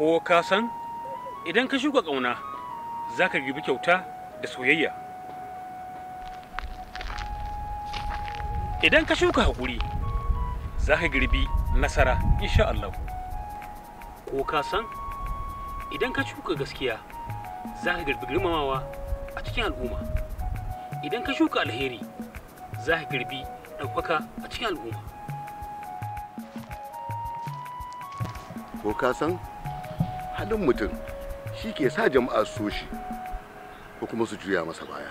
ko ka san idan ka shuka ƙauna za ka girbi kyauta da soyayya idan ka shuka haƙuri za ka girbi nasara insha Allah ko ka san idan ka shuka gaskiya za ka girbi girmamawa a cikin al'umma idan ka shuka alheri za ka girbi ɗaukaka a cikin al'umma ko ka san halin mutum shi ke sa jama'a so shi ko kuma su juya masa baya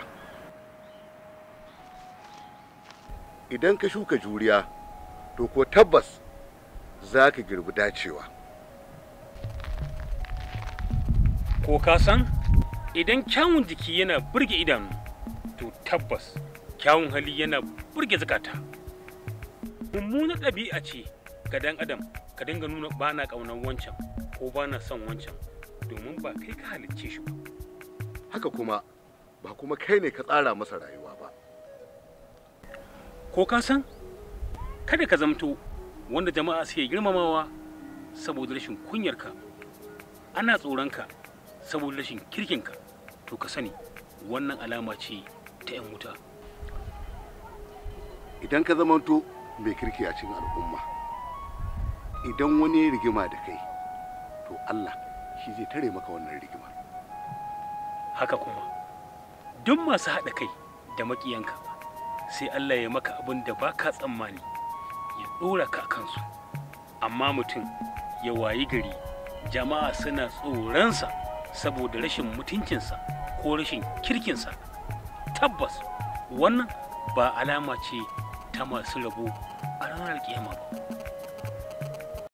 idan ka shuka juriya to ko tabbas za ka girbi dacewa ko ka san idan kyawun jiki yana burge idanu to tabbas kyawun hali yana burge zukata mummunar ɗabi'a ce ga dan adam ka dinga nuna ba na ƙaunar wancan ko ba na son wancan domin ba kai ka halicce shi ba haka kuma ba kuma kai ne ka tsara masa rayuwa ba ko ka san kada ka zamto wanda jama'a suke girmamawa saboda rashin kunyarka ana tsoronka saboda rashin kirkin ka, to ka sani wannan alama ce ta 'yan wuta idan ka zamanto mai kirki a cikin al'umma idan wani rigima da kai to Allah shi zai tare maka wannan rigima haka kuma duk masu haɗa kai da maƙiyanka sai Allah ya maka abin da ba ka tsammani ya ɗora ka kansu amma mutum ya wayi gari jama'a suna tsoronsa saboda rashin mutuncinsa ko rashin kirkinsa tabbas wannan ba alama ce ta masu rabo a ranar kiyama ba